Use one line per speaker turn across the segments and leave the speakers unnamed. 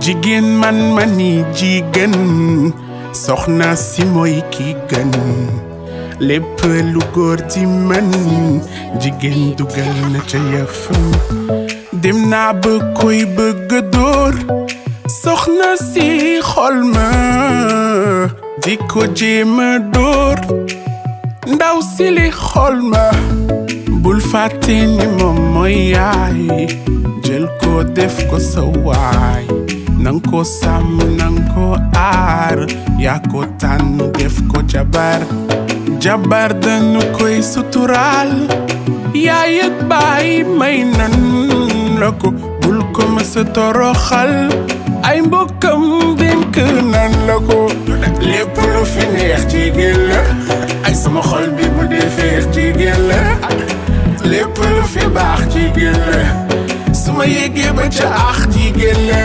jigéen man ma ni ji gën soxna si mooy ki gën lépp lu góor di mën jigéen dugal na ca yëfam dem naa ba koy bëgg dóor soxna si xol ma jéem a ndaw si li xol bul fàtte ni moom mooy yaay jël ko def ko sa waay nang ko sàmm nang ko aar yaa ko tànn ko jabar jabar dañu koy suturaal yaa yëg may nan la ko bul ko mësa toroxal ay mbokkam dénk nan la ko lépp lu fi neex jigéen la ay sama xol bi bu dee feex jigéen la lépp lu fi baax jigéen la su ax jigéen la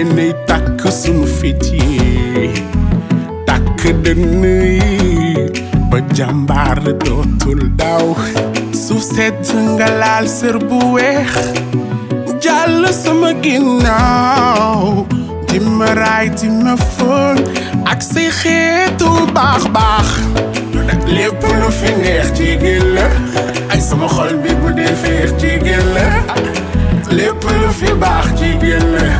yéenay tàkk sunu fit yi tàkk dënn ba jàmbaar dootul daw suuf sedd nga laal bu weex jàll sama ginnaaw di raay di ma fóon ak say xeetu baax baax lépp lu fi neex jigéen la ay sama xol bi bu dee feex jigéen la lépp lu fi baax jigéen la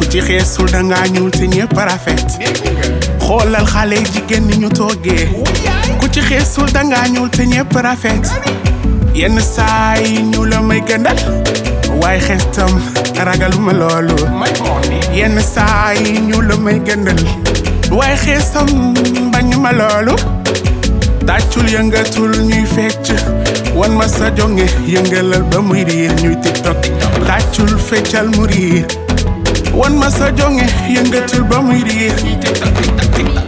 ku ci xeesul dangaa ñuul te ñëpp rafet xoolal xale jigéen ni ñu toogee ku ci xeesul dangaa ñuul si ñëpp rafet yenn saa yi ñu la may gëndal waaye xees tam ragaluma loolu yenn saa yi ñu la may gëndal waaye xeesam bañ ma loolu tàccul yëngatul ñuy fecc wan ma sa jonge yëngalal ba muy riir ñuy tiktok tàccul feccal mu riir wan ma sa jonge yëngatul ba muy riir